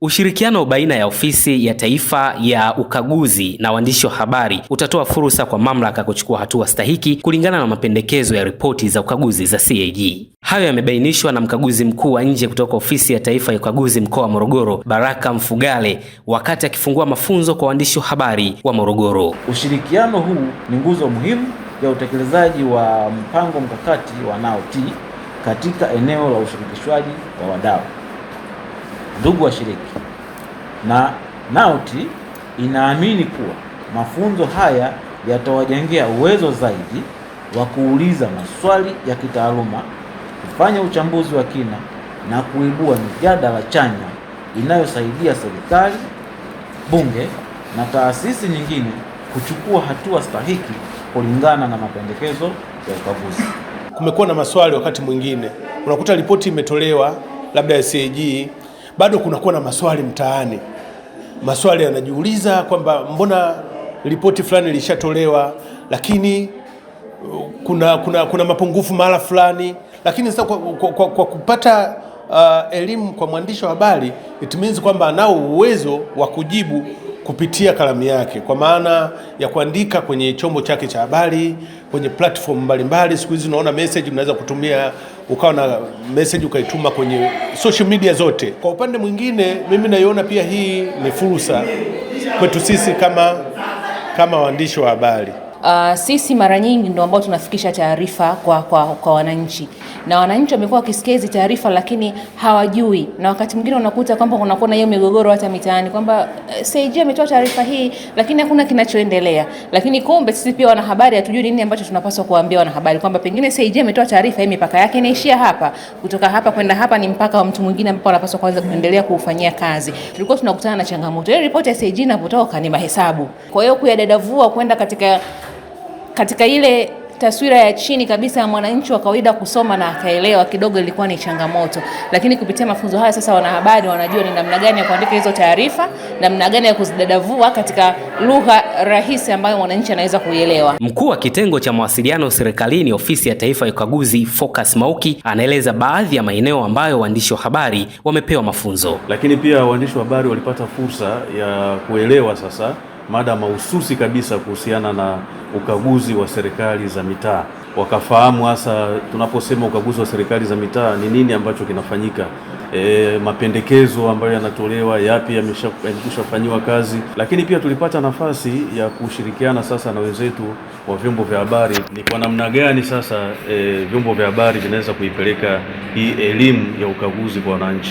Ushirikiano baina ya Ofisi ya Taifa ya Ukaguzi na waandishi wa habari utatoa fursa kwa mamlaka kuchukua hatua stahiki kulingana na mapendekezo ya ripoti za ukaguzi za CAG. Hayo yamebainishwa na mkaguzi mkuu wa nje kutoka Ofisi ya Taifa ya Ukaguzi mkoa wa Morogoro, Baraka Mfugale, wakati akifungua mafunzo kwa waandishi wa habari wa Morogoro. Ushirikiano huu ni nguzo muhimu ya utekelezaji wa mpango mkakati wa NAOT katika eneo la ushirikishwaji wa wadau. Ndugu washiriki, na nauti inaamini kuwa mafunzo haya yatawajengea uwezo zaidi wa kuuliza maswali ya kitaaluma, kufanya uchambuzi wa kina na kuibua mijadala chanya inayosaidia serikali, bunge na taasisi nyingine kuchukua hatua stahiki kulingana na mapendekezo ya ukaguzi. Kumekuwa na maswali wakati mwingine unakuta ripoti imetolewa labda ya CAG bado kunakuwa na maswali mtaani. Maswali yanajiuliza kwamba mbona ripoti fulani ilishatolewa, lakini kuna, kuna, kuna mapungufu mahala fulani, lakini sasa kwa, kwa, kwa, kwa kupata uh, elimu kwa mwandishi wa habari it means kwamba anao uwezo wa kujibu kupitia kalamu yake kwa maana ya kuandika kwenye chombo chake cha habari, kwenye platform mbalimbali. Siku hizi unaona message, mnaweza kutumia ukawa na message ukaituma kwenye social media zote. Kwa upande mwingine, mimi naiona pia hii ni fursa kwetu sisi kama, kama waandishi wa habari. Uh, sisi mara nyingi ndio ambao tunafikisha taarifa kwa, kwa, kwa wananchi na wananchi wamekuwa wakisikia hizi taarifa lakini hawajui, na wakati mwingine unakuta kwamba kunakuwa na hiyo migogoro hata mitaani kwamba CAG eh, ametoa taarifa hii lakini hakuna kinachoendelea. Lakini kumbe sisi pia wanahabari hatujui nini ambacho tunapaswa kuwaambia wanahabari kwamba pengine CAG ametoa taarifa hii, mipaka yake inaishia hapa, kutoka hapa kwenda hapa ni mpaka wa mtu mwingine ambapo anapaswa kuanza kuendelea kuufanyia kazi. Tulikuwa tunakutana na changamoto, ile ripoti ya CAG inapotoka ni mahesabu, kwa hiyo kuyadadavua kwenda katika katika ile taswira ya chini kabisa ya mwananchi wa kawaida kusoma na akaelewa kidogo ilikuwa ni changamoto, lakini kupitia mafunzo haya sasa wanahabari wanajua ni namna gani ya kuandika hizo taarifa, namna gani ya kuzidadavua katika lugha rahisi ambayo mwananchi anaweza kuielewa. Mkuu wa kitengo cha mawasiliano serikalini, ofisi ya taifa ya ukaguzi, Focus Mauki, anaeleza baadhi ya maeneo ambayo waandishi wa habari wamepewa mafunzo, lakini pia waandishi wa habari walipata fursa ya kuelewa sasa mada mahususi kabisa kuhusiana na ukaguzi wa serikali za mitaa, wakafahamu hasa tunaposema ukaguzi wa serikali za mitaa ni nini ambacho kinafanyika. E, mapendekezo ambayo yanatolewa yapi yameshafanyiwa kazi, lakini pia tulipata nafasi ya kushirikiana sasa na wenzetu wa vyombo vya habari, ni kwa namna gani sasa e, vyombo vya habari vinaweza kuipeleka hii elimu ya ukaguzi kwa wananchi.